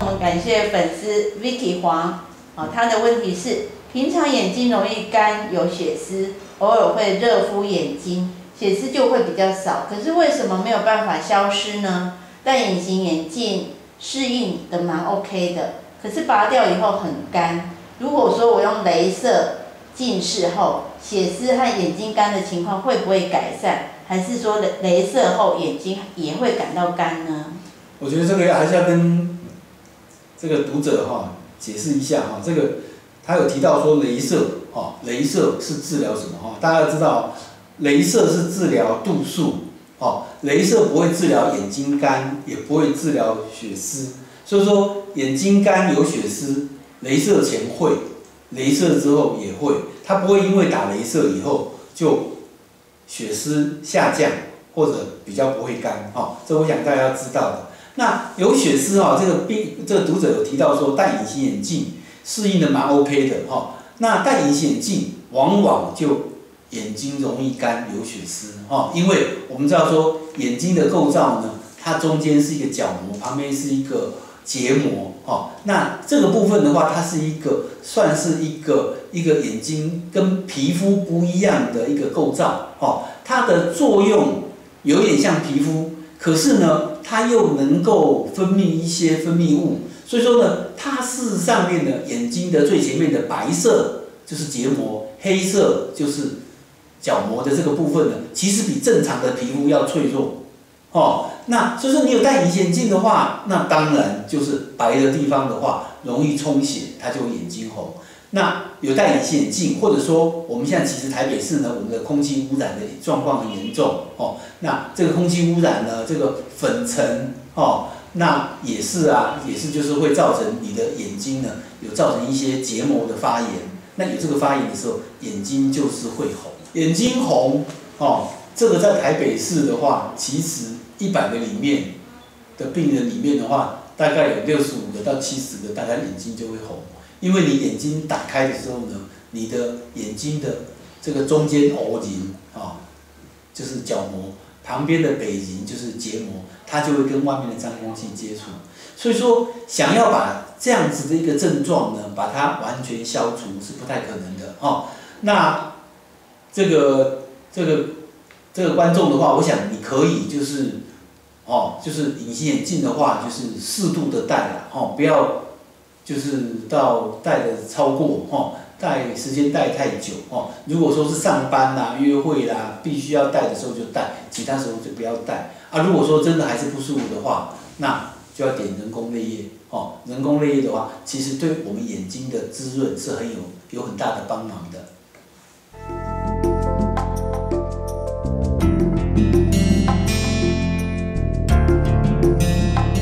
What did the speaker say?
我們感謝粉絲 Vicky 黃，哦，他的問題是：平常眼睛容易乾，有血絲，偶爾會熱敷眼睛，血絲就會比較少。可是為什麼沒有辦法消失呢？戴隱形眼鏡適應得蠻 OK 的，可是拔掉以後很乾。如果說我用雷射近視後，血絲和眼睛乾的情況會不會改善？還是說雷雷射後眼睛也會感到乾呢？我覺得這個還是要跟。這個讀者哈，解釋一下哈，這個他有提到說雷射哦，雷射是治療什麼哈？大家知道，雷射是治療度數哦，雷射不會治療眼睛乾，也不會治療血絲，所以說眼睛乾有血絲，雷射前會，雷射之後也會，它不會因為打雷射以後就血絲下降或者比較不會乾哈，這我想大家知道的。那有血絲哦，這個病這個讀者有提到說戴隱形眼鏡適應的蠻 OK 的哈。那戴隱形眼鏡往往就眼睛容易乾、有血絲哈，因為我們知道說眼睛的構造呢，它中間是一個角膜，旁邊是一個結膜哈。那這個部分的話，它是一個算是一個一個眼睛跟皮膚不一樣的一個構造哈。它的作用有點像皮膚，可是呢。它又能夠分泌一些分泌物，所以說呢，它是上面的眼睛的最前面的白色就是結膜，黑色就是角膜的這個部分呢，其實比正常的皮膚要脆弱哦。那所以說你有戴隱形眼鏡的話，那當然就是白的地方的話容易充血，它就眼睛紅。那有戴隱形眼鏡，或者說我們現在其實台北市呢，我們的空氣污染的狀況很嚴重哦。那這個空氣污染呢，這個粉塵哦，那也是啊，也是就是會造成你的眼睛呢，有造成一些結膜的發炎。那有這個發炎的時候，眼睛就是會紅。眼睛紅哦，這個在台北市的話，其實一百個裡面的病人裡面的話，大概有六十五個到七十個，大概眼睛就會紅。因為你眼睛打開的時候呢，你的眼睛的這個中間凹林啊，就是角膜旁邊的白仁就是結膜，它就會跟外面的髒東西接觸，所以說想要把這樣子的一個症狀呢，把它完全消除是不太可能的哦。那這個這個這個觀眾的話，我想你可以就是哦，就是隱形眼鏡的話，就是適度的戴了，哦，不要。就是到戴的超過哦，戴時間戴太久哦。如果說是上班啦、啊、約會啦、啊，必須要戴的時候就戴，其他時候就不要戴。啊，如果說真的還是不舒服的話，那就要點人工淚液哦。人工淚液的話，其實對我們眼睛的滋潤是很有有很大的幫忙的。